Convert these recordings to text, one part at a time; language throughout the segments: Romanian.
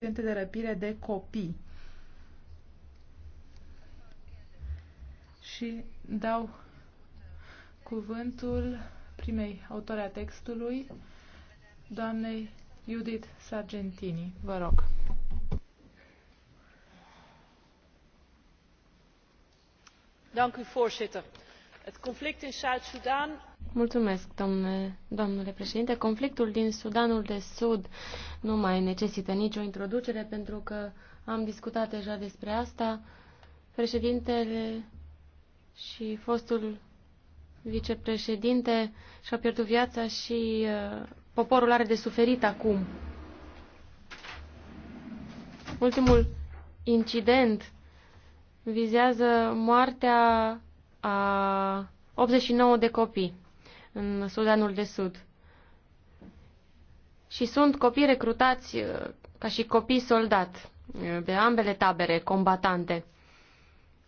accidente de răpire de copii. Și dau cuvântul primei autore a textului, doamnei Judith Sargentini. Vă rog. Dank u, voorzitter. Het conflict in Zuid-Soedan Mulțumesc, domnule, domnule președinte. Conflictul din Sudanul de Sud nu mai necesită nicio introducere pentru că am discutat deja despre asta. Președintele și fostul vicepreședinte și-a pierdut viața și uh, poporul are de suferit acum. Ultimul incident vizează moartea a 89 de copii în Sudanul de Sud. Și sunt copii recrutați uh, ca și copii soldat uh, de ambele tabere combatante.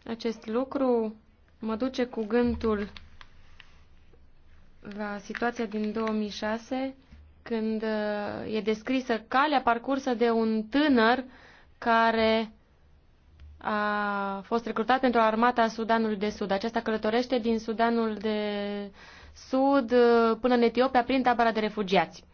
Acest lucru mă duce cu gândul la situația din 2006, când uh, e descrisă calea parcursă de un tânăr care a fost recrutat pentru armata Sudanului de Sud. Aceasta călătorește din Sudanul de sud, uh, până în Etiopia, prin tabăra de refugiați.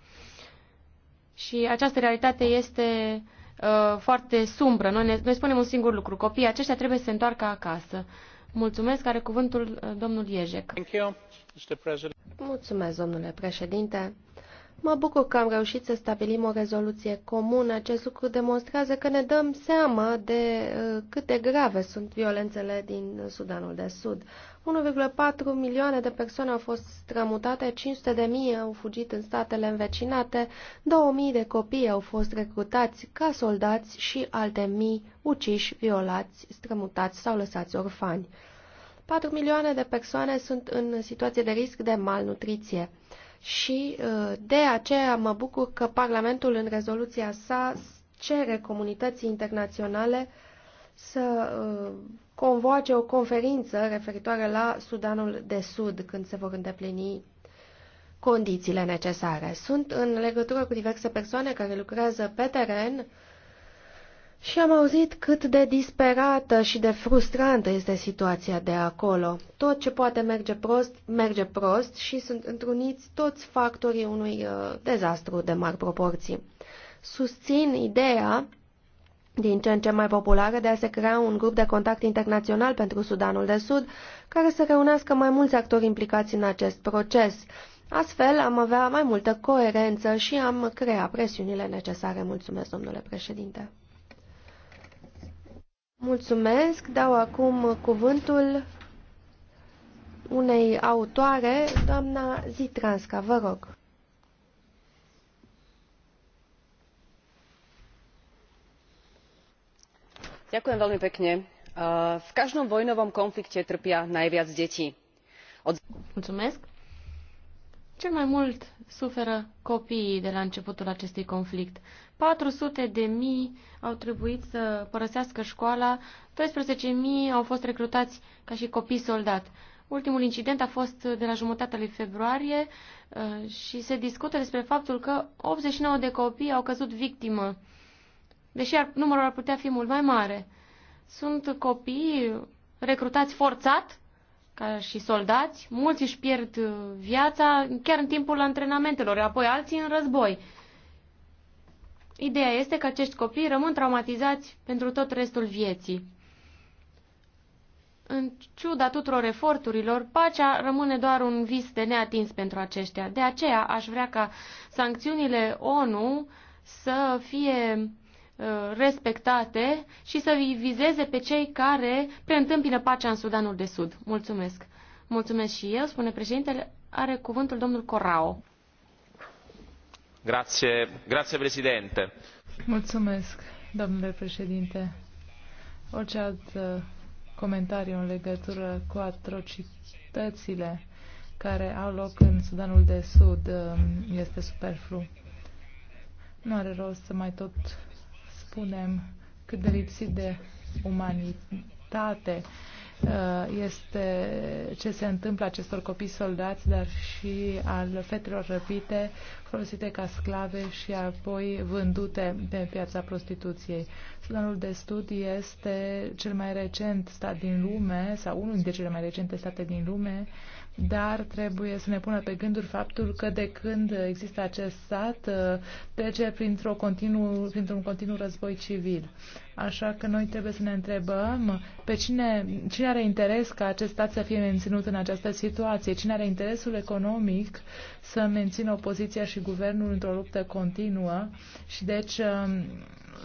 Și această realitate este uh, foarte sumbră. Noi, ne, noi spunem un singur lucru. Copiii aceștia trebuie să se întoarcă acasă. Mulțumesc. Are cuvântul uh, domnul Iejec. Mulțumesc, domnule președinte. Mă bucur că am reușit să stabilim o rezoluție comună. Acest lucru demonstrează că ne dăm seama de uh, cât de grave sunt violențele din Sudanul de Sud. 1,4 milioane de persoane au fost strămutate, 500 de mii au fugit în statele învecinate, 2000 de copii au fost recrutați ca soldați și alte mii uciși, violați, strămutați sau lăsați orfani. 4 milioane de persoane sunt în situație de risc de malnutriție și uh, de aceea mă bucur că Parlamentul în rezoluția sa cere comunității internaționale să uh, convoace o conferință referitoare la Sudanul de Sud când se vor îndeplini condițiile necesare. Sunt în legătură cu diverse persoane care lucrează pe teren și am auzit cât de disperată și de frustrantă este situația de acolo. Tot ce poate merge prost, merge prost și sunt întruniți toți factorii unui uh, dezastru de mari proporții. Susțin ideea din ce în ce mai populară de a se crea un grup de contact internațional pentru Sudanul de Sud, care să reunească mai mulți actori implicați în acest proces. Astfel am avea mai multă coerență și am crea presiunile necesare. Mulțumesc, domnule președinte. Mulțumesc. Dau acum cuvântul unei autoare, doamna Zitranska. Vă rog. Ďakujem veľmi pekne. V každom vojnovom konflikte trpia najviac deti. Mulțumesc. Cel mai mult suferă copiii de la începutul acestui conflict. 400 de mii au trebuit să părăsească școala, 12 mii au fost recrutați ca și copii soldat. Ultimul incident a fost de la jumătatea lui februarie uh, și se discută despre faptul că 89 de copii au căzut victimă, deși numărul ar putea fi mult mai mare. Sunt copii recrutați forțat ca și soldați, mulți își pierd uh, viața chiar în timpul antrenamentelor, apoi alții în război. Ideea este că acești copii rămân traumatizați pentru tot restul vieții. În ciuda tuturor eforturilor, pacea rămâne doar un vis de neatins pentru aceștia. De aceea aș vrea ca sancțiunile ONU să fie Uh, respectate și să vizeze pe cei care preîntâmpină pacea în Sudanul de Sud. Mulțumesc. Mulțumesc și eu, spune președintele. Are cuvântul domnul Corao. Grazie, grazie președinte. Mulțumesc, domnule președinte. Orice alt uh, comentariu în legătură cu atrocitățile care au loc în Sudanul de Sud um, este superflu. Nu are rost să mai tot spunem cât de lipsit de umanitate uh, este ce se întâmplă acestor copii soldați, dar și al fetelor răpite, folosite ca sclave și apoi vândute pe piața prostituției. Sudanul de studii este cel mai recent stat din lume, sau unul dintre cele mai recente state din lume, dar trebuie să ne pună pe gânduri faptul că de când există acest sat, uh, trece printr-o continu, printr-un continuu război civil. Așa că noi trebuie să ne întrebăm pe cine, cine are interes ca acest stat să fie menținut în această situație, cine are interesul economic să mențină opoziția și guvernul într-o luptă continuă și deci um,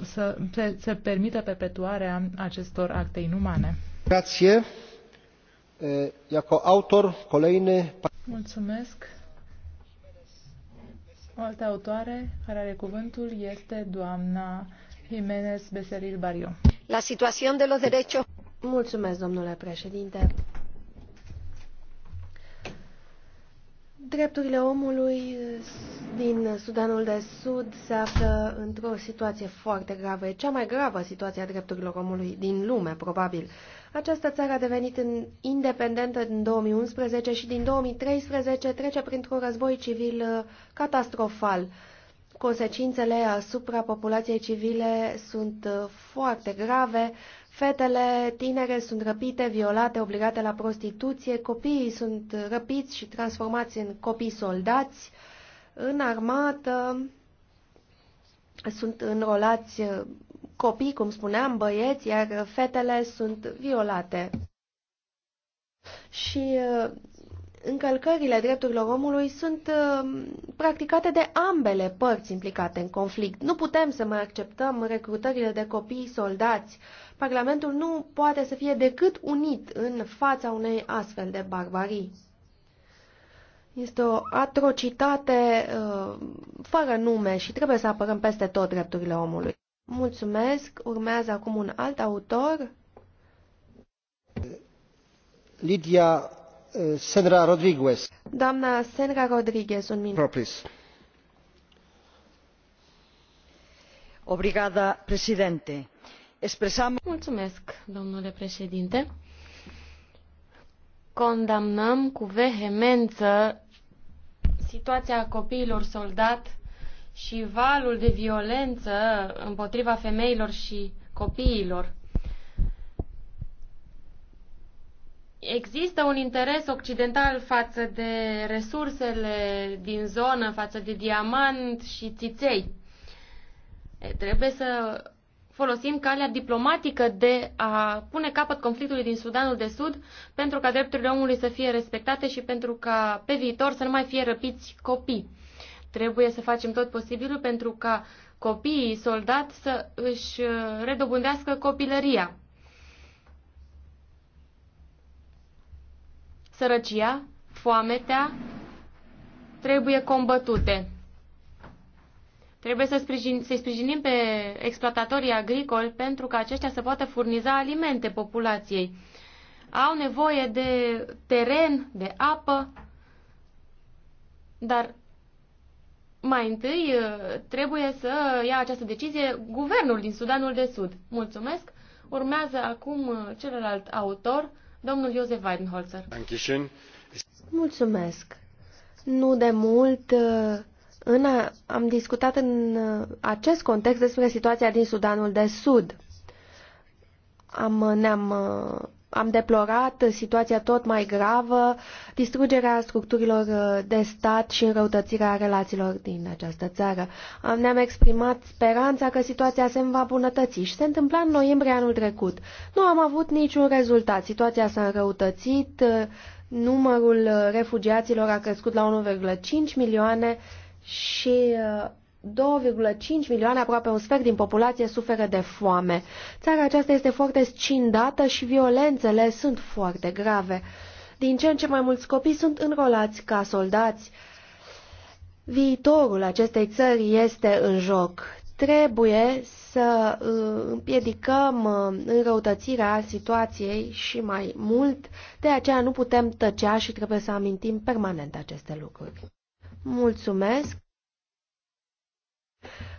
să, să, permită perpetuarea acestor acte inumane. Grazie. Jako autor, kolejny... Mulțumesc. O altă autoare care are cuvântul este doamna Jiménez Becerril Barrio. La situación de los derechos... Mulțumesc, domnule președinte. Drepturile omului din Sudanul de Sud se află într-o situație foarte gravă. E cea mai gravă situație a drepturilor omului din lume, probabil. Această țară a devenit independentă din 2011 și din 2013 trece printr-un război civil uh, catastrofal. Consecințele asupra populației civile sunt uh, foarte grave. Fetele tinere sunt răpite, violate, obligate la prostituție, copiii sunt răpiți și transformați în copii soldați, în armată sunt înrolați copii, cum spuneam, băieți, iar fetele sunt violate. Și încălcările drepturilor omului sunt uh, practicate de ambele părți implicate în conflict. Nu putem să mai acceptăm recrutările de copii soldați. Parlamentul nu poate să fie decât unit în fața unei astfel de barbarii. Este o atrocitate uh, fără nume și trebuie să apărăm peste tot drepturile omului. Mulțumesc. Urmează acum un alt autor. Lidia Eh, Senra Rodriguez. Doamna Senra Rodriguez, un minut. Propris. Obrigada, președinte. Expresam... Mulțumesc, domnule președinte. Condamnăm cu vehemență situația copiilor soldat și valul de violență împotriva femeilor și copiilor Există un interes occidental față de resursele din zonă, față de diamant și țiței. Trebuie să folosim calea diplomatică de a pune capăt conflictului din Sudanul de Sud pentru ca drepturile omului să fie respectate și pentru ca pe viitor să nu mai fie răpiți copii. Trebuie să facem tot posibilul pentru ca copiii soldați să își redobândească copilăria. sărăcia, foametea trebuie combătute. Trebuie să sprijin, să sprijinim pe exploatatorii agricoli pentru ca aceștia să poată furniza alimente populației. Au nevoie de teren, de apă, dar mai întâi uh, trebuie să ia această decizie guvernul din Sudanul de Sud. Mulțumesc! Urmează acum uh, celălalt autor, Domnul Iosef Weidenholzer. Mulțumesc. Nu de mult uh, în a, am discutat în uh, acest context despre situația din Sudanul de Sud. Am, ne-am uh, am deplorat situația tot mai gravă, distrugerea structurilor uh, de stat și înrăutățirea relațiilor din această țară. Ne-am exprimat speranța că situația se va bunătăți și se întâmpla în noiembrie anul trecut. Nu am avut niciun rezultat. Situația s-a înrăutățit, uh, numărul uh, refugiaților a crescut la 1,5 milioane și 2,5 milioane, aproape un sfert din populație, suferă de foame. Țara aceasta este foarte scindată și violențele sunt foarte grave. Din ce în ce mai mulți copii sunt înrolați ca soldați. Viitorul acestei țări este în joc. Trebuie să uh, împiedicăm uh, înrăutățirea situației și mai mult, de aceea nu putem tăcea și trebuie să amintim permanent aceste lucruri. Mulțumesc!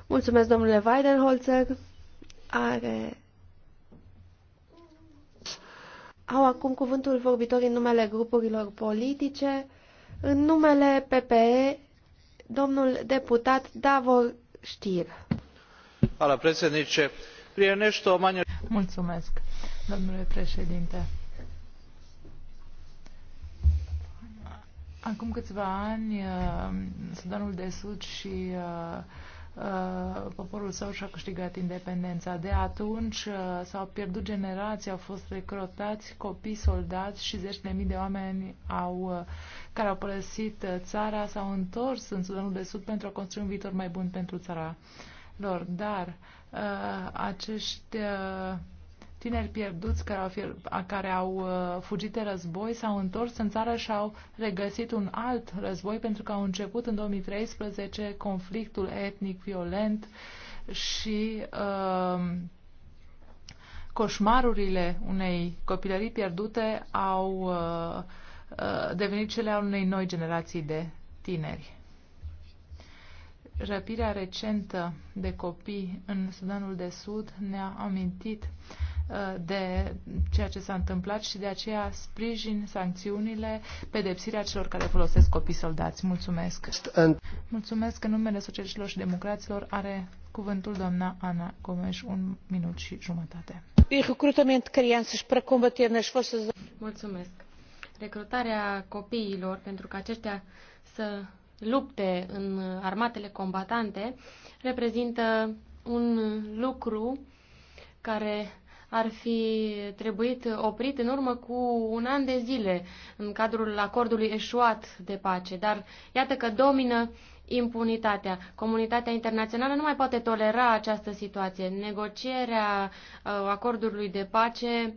Mulțumesc, domnule Weidenholzer. Are... Au acum cuvântul vorbitorii în numele grupurilor politice. În numele PPE, domnul deputat Davor Știr. Ala președinte, prienești o manje... Mulțumesc, domnule președinte. Acum câțiva ani, uh, Sudanul de Sud și uh, Uh, poporul său și-a câștigat independența. De atunci uh, s-au pierdut generații, au fost recrutați copii, soldați și zeci de mii de oameni au, uh, care au părăsit țara s-au întors în Sudanul de Sud pentru a construi un viitor mai bun pentru țara lor. Dar acești tineri pierduți care au, care au uh, fugit de război, s-au întors în țară și au regăsit un alt război pentru că au început în 2013 conflictul etnic violent și uh, coșmarurile unei copilării pierdute au uh, uh, devenit cele ale unei noi generații de tineri. Răpirea recentă de copii în Sudanul de Sud ne-a amintit uh, de ceea ce s-a întâmplat și de aceea sprijin sancțiunile, pedepsirea celor care folosesc copii soldați. Mulțumesc! Mulțumesc! În numele Socialiștilor și Democraților are cuvântul doamna Ana Gomes, un minut și jumătate. Da- Mulțumesc! Recrutarea copiilor pentru că aceștia să lupte în armatele combatante reprezintă un lucru care ar fi trebuit oprit în urmă cu un an de zile în cadrul acordului eșuat de pace. Dar iată că domină impunitatea. Comunitatea internațională nu mai poate tolera această situație. Negocierea uh, acordului de pace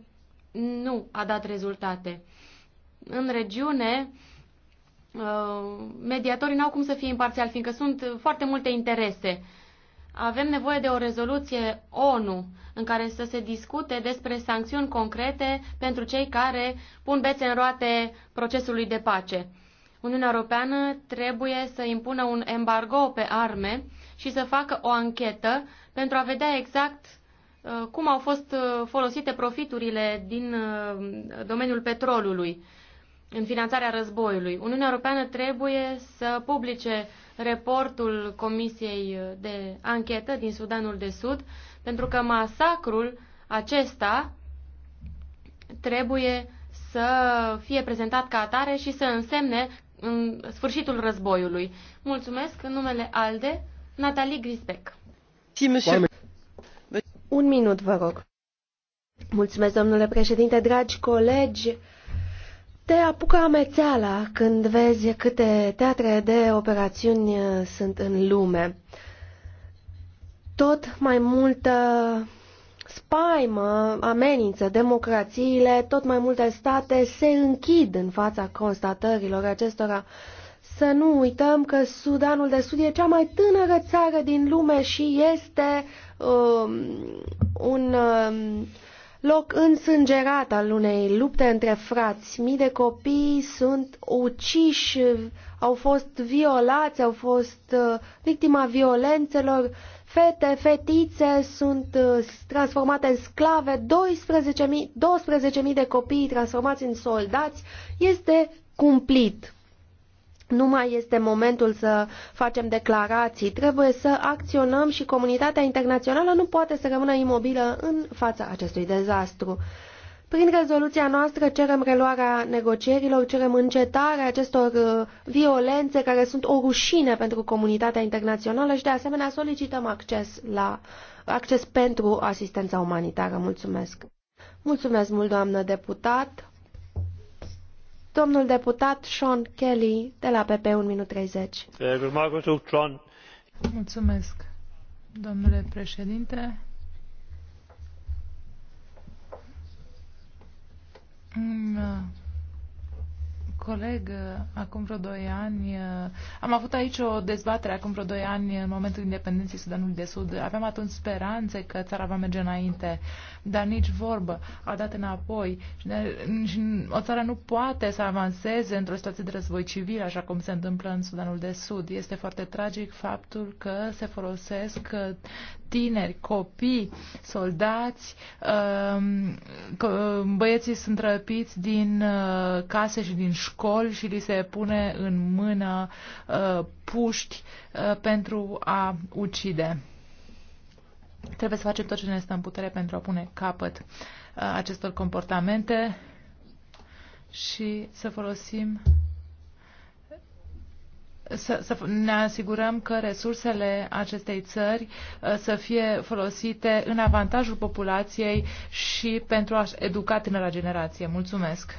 nu a dat rezultate. În regiune, uh, mediatorii n-au cum să fie imparțiali, fiindcă sunt foarte multe interese avem nevoie de o rezoluție ONU în care să se discute despre sancțiuni concrete pentru cei care pun bețe în roate procesului de pace. Uniunea Europeană trebuie să impună un embargo pe arme și să facă o anchetă pentru a vedea exact uh, cum au fost uh, folosite profiturile din uh, domeniul petrolului în finanțarea războiului. Uniunea Europeană trebuie să publice reportul Comisiei de Anchetă din Sudanul de Sud, pentru că masacrul acesta trebuie să fie prezentat ca atare și să însemne în sfârșitul războiului. Mulțumesc în numele ALDE, Natalie Grisbeck. Un minut, vă rog. Mulțumesc, domnule președinte, dragi colegi. Te apucă amețeala când vezi câte teatre de operațiuni uh, sunt în lume. Tot mai multă spaimă amenință democrațiile, tot mai multe state se închid în fața constatărilor acestora. Să nu uităm că Sudanul de Sud e cea mai tânără țară din lume și este um, un um, loc însângerat al unei lupte între frați. Mii de copii sunt uciși, au fost violați, au fost uh, victima violențelor, fete, fetițe sunt uh, transformate în sclave, 12.000 12 de copii transformați în soldați. Este cumplit nu mai este momentul să facem declarații, trebuie să acționăm și comunitatea internațională nu poate să rămână imobilă în fața acestui dezastru. Prin rezoluția noastră cerem reluarea negocierilor, cerem încetarea acestor uh, violențe care sunt o rușine pentru comunitatea internațională și de asemenea solicităm acces, la, acces pentru asistența umanitară. Mulțumesc! Mulțumesc mult, doamnă deputat! Domnul deputat Sean Kelly, de la PP 1 minut 30. Mulțumesc, domnule președinte. Mm coleg uh, acum vreo doi ani. Uh, am avut aici o dezbatere acum vreo doi ani în momentul independenței Sudanului de Sud. Aveam atunci speranțe că țara va merge înainte, dar nici vorbă. A dat înapoi. Și o țară nu poate să avanseze într-o situație de război civil, așa cum se întâmplă în Sudanul de Sud. Este foarte tragic faptul că se folosesc uh, tineri, copii, soldați, um, băieții sunt răpiți din case și din școli școli și li se pune în mână uh, puști uh, pentru a ucide. Trebuie să facem tot ce ne stă în putere pentru a pune capăt uh, acestor comportamente și să folosim să, să ne asigurăm că resursele acestei țări să fie folosite în avantajul populației și pentru a educa tânăra generație. Mulțumesc!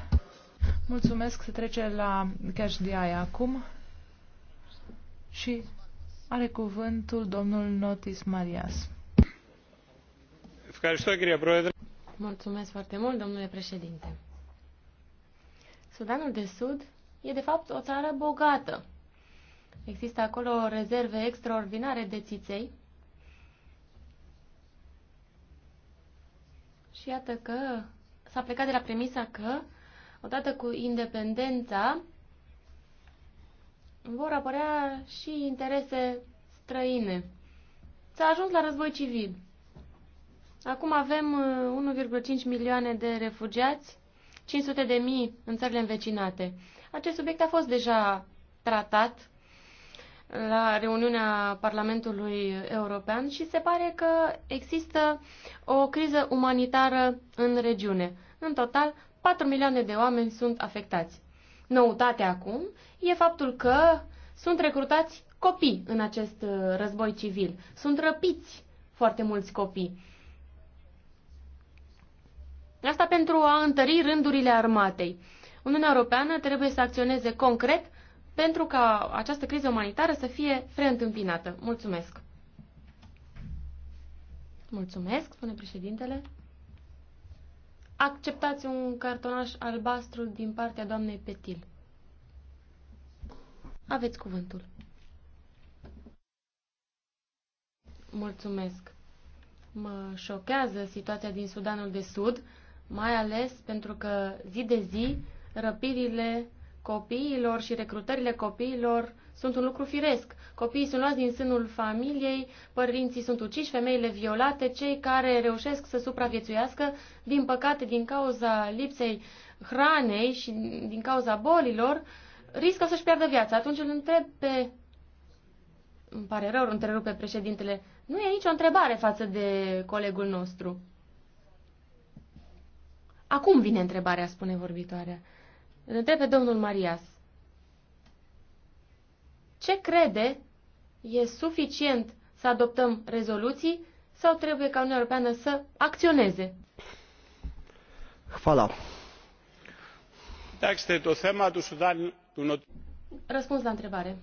Mulțumesc. Se trece la Cash DI acum și are cuvântul domnul Notis Marias. Mulțumesc foarte mult, domnule președinte. Sudanul de Sud e de fapt o țară bogată. Există acolo rezerve extraordinare de țiței. Și iată că s-a plecat de la premisa că odată cu independența, vor apărea și interese străine. S-a ajuns la război civil. Acum avem 1,5 uh, milioane de refugiați, 500 de mii în țările învecinate. Acest subiect a fost deja tratat la reuniunea Parlamentului European și se pare că există o criză umanitară în regiune. În total, 4 milioane de oameni sunt afectați. Noutatea acum e faptul că sunt recrutați copii în acest uh, război civil. Sunt răpiți foarte mulți copii. Asta pentru a întări rândurile armatei. Uniunea Europeană trebuie să acționeze concret pentru ca această criză umanitară să fie preîntâmpinată. Mulțumesc! Mulțumesc, spune președintele. Acceptați un cartonaș albastru din partea doamnei Petil. Aveți cuvântul. Mulțumesc. Mă șochează situația din Sudanul de Sud, mai ales pentru că zi de zi răpirile copiilor și recrutările copiilor sunt un lucru firesc. Copiii sunt luați din sânul familiei, părinții sunt uciși, femeile violate, cei care reușesc să supraviețuiască, din păcate, din cauza lipsei hranei și din cauza bolilor, riscă să-și piardă viața. Atunci îl întreb pe... Îmi pare rău, întrerupe președintele. Nu e nicio întrebare față de colegul nostru. Acum vine întrebarea, spune vorbitoarea. Îl întreb pe domnul Marias ce crede e suficient să adoptăm rezoluții sau trebuie ca Uniunea Europeană să acționeze? Hvala. Răspuns la întrebare.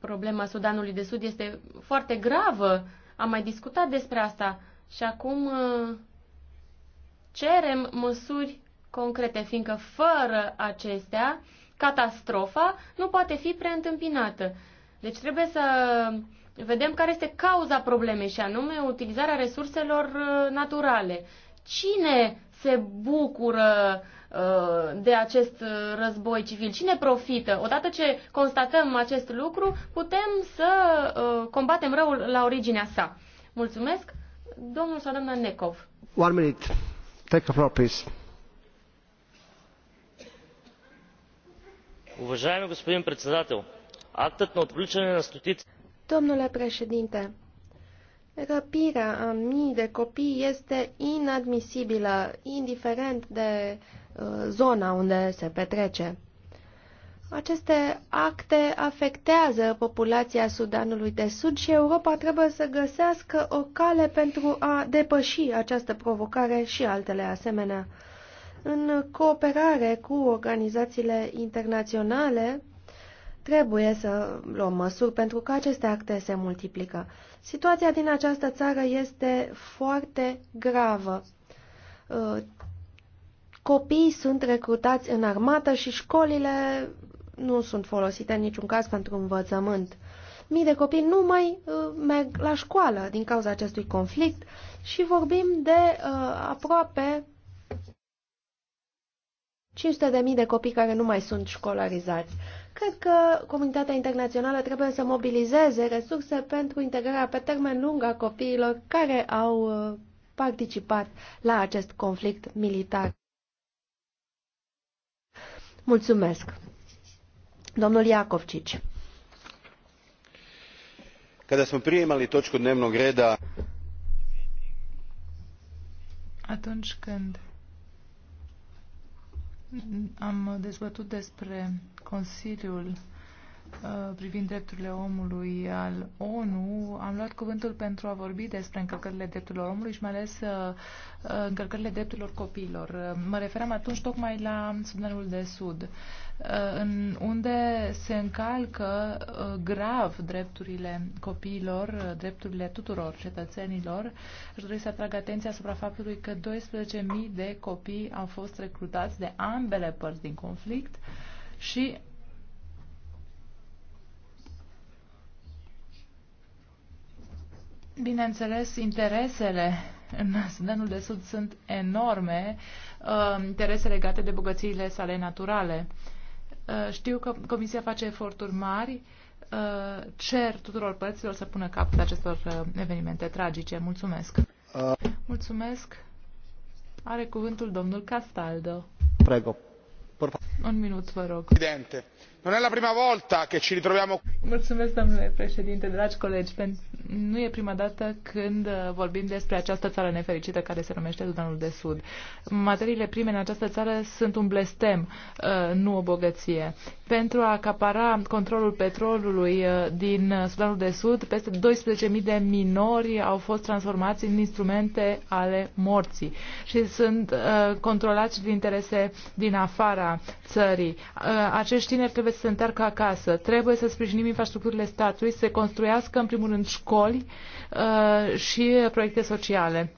Problema Sudanului de Sud este foarte gravă. Am mai discutat despre asta și acum uh, cerem măsuri concrete, fiindcă fără acestea catastrofa nu poate fi preîntâmpinată. Deci trebuie să vedem care este cauza problemei și anume utilizarea resurselor uh, naturale. Cine se bucură uh, de acest uh, război civil? Cine profită? Odată ce constatăm acest lucru, putem să combatem răul la originea sa. Mulțumesc. Domnul sau doamna Nekov. One minute. Take a floor, please. Domnule președinte, răpirea a mii de copii este inadmisibilă, indiferent de uh, zona unde se petrece. Aceste acte afectează populația Sudanului de Sud și Europa trebuie să găsească o cale pentru a depăși această provocare și altele asemenea. În cooperare cu organizațiile internaționale, trebuie să luăm măsuri pentru că aceste acte se multiplică. Situația din această țară este foarte gravă. Uh, copiii sunt recrutați în armată și școlile nu sunt folosite în niciun caz pentru învățământ. Mii de copii nu mai uh, merg la școală din cauza acestui conflict și vorbim de uh, aproape 500.000 de, de copii care nu mai sunt școlarizați. Cred că comunitatea internațională trebuie să mobilizeze resurse pentru integrarea pe termen lung a copiilor care au uh, participat la acest conflict militar. Mulțumesc. Domnul Iacovcici. Când am primit toți cu dnevnog greda, Atunci când am dezbătut despre Consiliul Uh, privind drepturile omului al ONU, am luat cuvântul pentru a vorbi despre încălcările drepturilor omului și mai ales uh, uh, încălcările drepturilor copiilor. Mă referam atunci tocmai la Sudanul de Sud, în unde se încalcă grav drepturile copiilor, drepturile tuturor cetățenilor. Aș dori să atrag atenția asupra faptului că 12.000 de copii au fost recrutați de ambele părți din conflict și Bineînțeles, interesele în Sudanul de Sud sunt enorme, uh, interese legate de bogățiile sale naturale. Uh, știu că Comisia face eforturi mari. Uh, cer tuturor părților să pună capăt acestor evenimente tragice. Mulțumesc. Mulțumesc. Are cuvântul domnul Castaldo. Prego. Un minut, vă rog. Presidente, non è la prima volta che ci ritroviamo. Mulțumesc, domnule președinte, dragi colegi. Pentru nu e prima dată când uh, vorbim despre această țară nefericită care se numește Sudanul de Sud. Materiile prime în această țară sunt un blestem, uh, nu o bogăție. Pentru a acapara controlul petrolului uh, din Sudanul de Sud, peste 12.000 de minori au fost transformați în instrumente ale morții și sunt controlați de interese din afara țării. Acești tineri trebuie să se întoarcă acasă, trebuie să sprijinim infrastructurile statului, să construiască în primul rând școli, școli uh, și proiecte sociale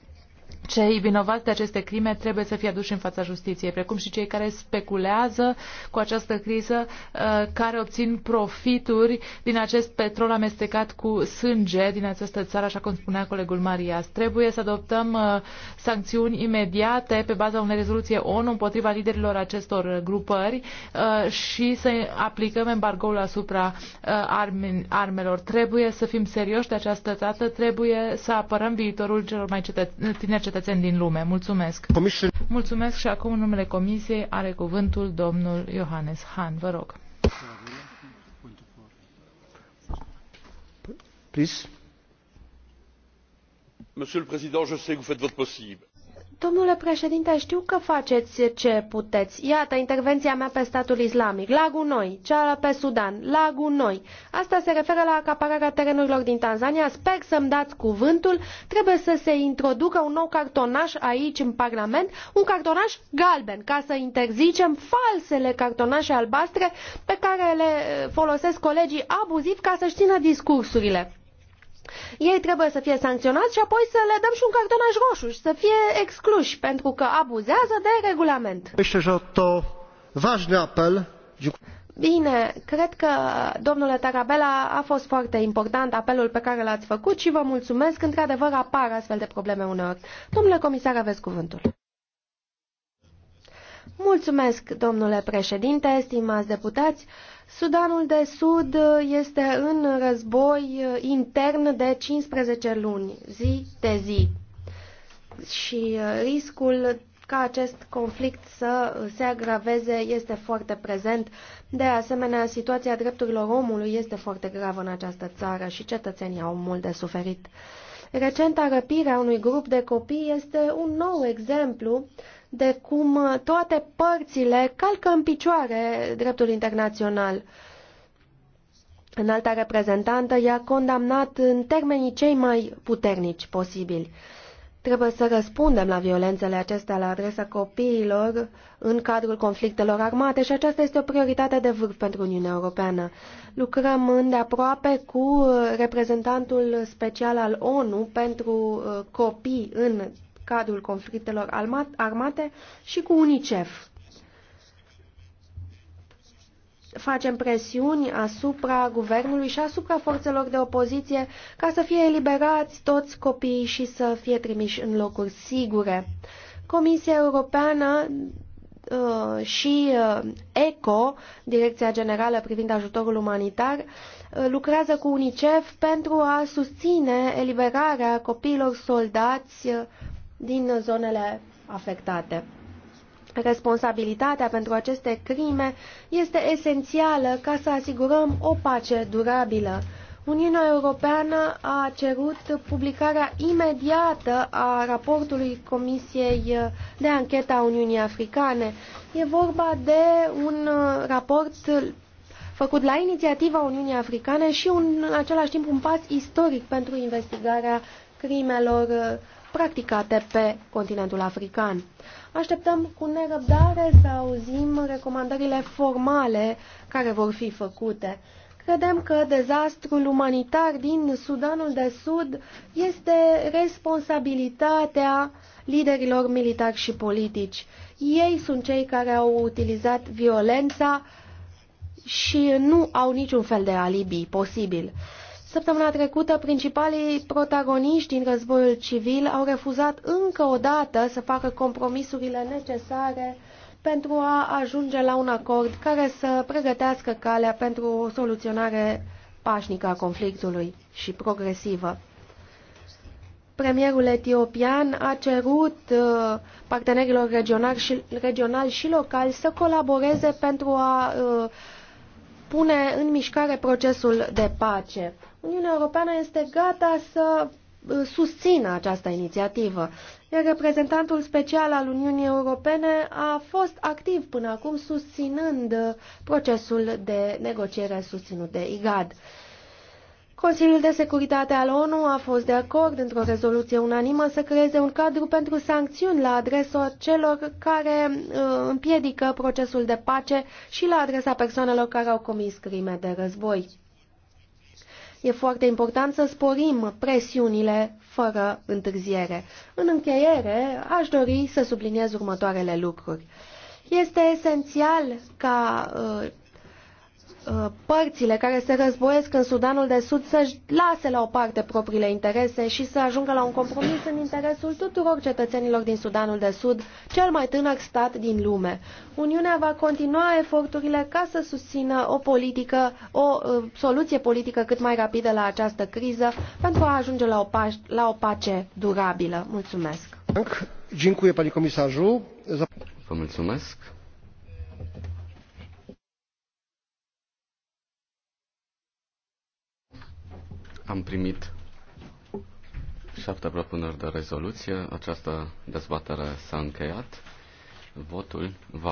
cei vinovați de aceste crime trebuie să fie aduși în fața justiției, precum și cei care speculează cu această criză, uh, care obțin profituri din acest petrol amestecat cu sânge din această țară, așa cum spunea colegul Marias. Trebuie să adoptăm uh, sancțiuni imediate pe baza unei rezoluție ONU împotriva liderilor acestor grupări uh, și să aplicăm embargoul asupra armelor. Trebuie să fim serioși de această dată, trebuie să apărăm viitorul celor mai tineri cetățeni din lume. Mulțumesc! Comision. Mulțumesc și acum în numele Comisiei are cuvântul domnul Johannes Hahn. Vă rog. Please. Monsieur le Président, je sais que vous faites votre possible. Domnule președinte, știu că faceți ce puteți. Iată, intervenția mea pe statul islamic, la gunoi, cea pe Sudan, la gunoi. Asta se referă la acapararea terenurilor din Tanzania. Sper să-mi dați cuvântul. Trebuie să se introducă un nou cartonaș aici în Parlament, un cartonaș galben, ca să interzicem falsele cartonașe albastre pe care le folosesc colegii abuziv ca să-și țină discursurile. Ei trebuie să fie sancționați și apoi să le dăm și un cartonaș roșu și să fie excluși pentru că abuzează de regulament. Bine, cred că, domnule Tarabela, a fost foarte important apelul pe care l-ați făcut și vă mulțumesc. Într-adevăr, apar astfel de probleme uneori. Domnule comisar, aveți cuvântul. Mulțumesc, domnule președinte, stimați deputați. Sudanul de Sud este în război intern de 15 luni, zi de zi. Și uh, riscul ca acest conflict să se agraveze este foarte prezent. De asemenea, situația drepturilor omului este foarte gravă în această țară și cetățenii au mult de suferit. Recenta răpire a unui grup de copii este un nou exemplu de cum uh, toate părțile calcă în picioare dreptul internațional. Înalta reprezentantă i-a condamnat în termenii cei mai puternici posibili. Trebuie să răspundem la violențele acestea la adresa copiilor în cadrul conflictelor armate și aceasta este o prioritate de vârf pentru Uniunea Europeană. Lucrăm îndeaproape cu reprezentantul special al ONU pentru uh, copii în cadrul conflictelor armate și cu UNICEF. Facem presiuni asupra guvernului și asupra forțelor de opoziție ca să fie eliberați toți copiii și să fie trimiși în locuri sigure. Comisia Europeană uh, și uh, ECO, Direcția Generală privind ajutorul umanitar, uh, lucrează cu UNICEF pentru a susține eliberarea copiilor soldați din zonele afectate. Responsabilitatea pentru aceste crime este esențială ca să asigurăm o pace durabilă. Uniunea Europeană a cerut publicarea imediată a raportului Comisiei de Anchetă a Uniunii Africane. E vorba de un raport făcut la inițiativa Uniunii Africane și un, în același timp un pas istoric pentru investigarea crimelor practicate pe continentul african. Așteptăm cu nerăbdare să auzim recomandările formale care vor fi făcute. Credem că dezastrul umanitar din Sudanul de Sud este responsabilitatea liderilor militari și politici. Ei sunt cei care au utilizat violența și nu au niciun fel de alibi posibil. Săptămâna trecută, principalii protagoniști din războiul civil au refuzat încă o dată să facă compromisurile necesare pentru a ajunge la un acord care să pregătească calea pentru o soluționare pașnică a conflictului și progresivă. Premierul etiopian a cerut uh, partenerilor regionali și, regionali și locali să colaboreze pentru a uh, pune în mișcare procesul de pace. Uniunea Europeană este gata să uh, susțină această inițiativă, iar reprezentantul special al Uniunii Europene a fost activ până acum susținând uh, procesul de negociere susținut de IGAD. Consiliul de Securitate al ONU a fost de acord într-o rezoluție unanimă să creeze un cadru pentru sancțiuni la adresa celor care uh, împiedică procesul de pace și la adresa persoanelor care au comis crime de război. E foarte important să sporim presiunile fără întârziere. În încheiere, aș dori să subliniez următoarele lucruri. Este esențial ca uh, Uh, părțile care se războiesc în Sudanul de Sud să-și lase la o parte propriile interese și să ajungă la un compromis în interesul tuturor cetățenilor din Sudanul de Sud, cel mai tânăr stat din lume. Uniunea va continua eforturile ca să susțină o politică, o uh, soluție politică cât mai rapidă la această criză pentru a ajunge la o, pace, la o pace durabilă. Mulțumesc! Vă mulțumesc! Am primit șapte propuneri de rezoluție. Această dezbatere s-a încheiat. Votul va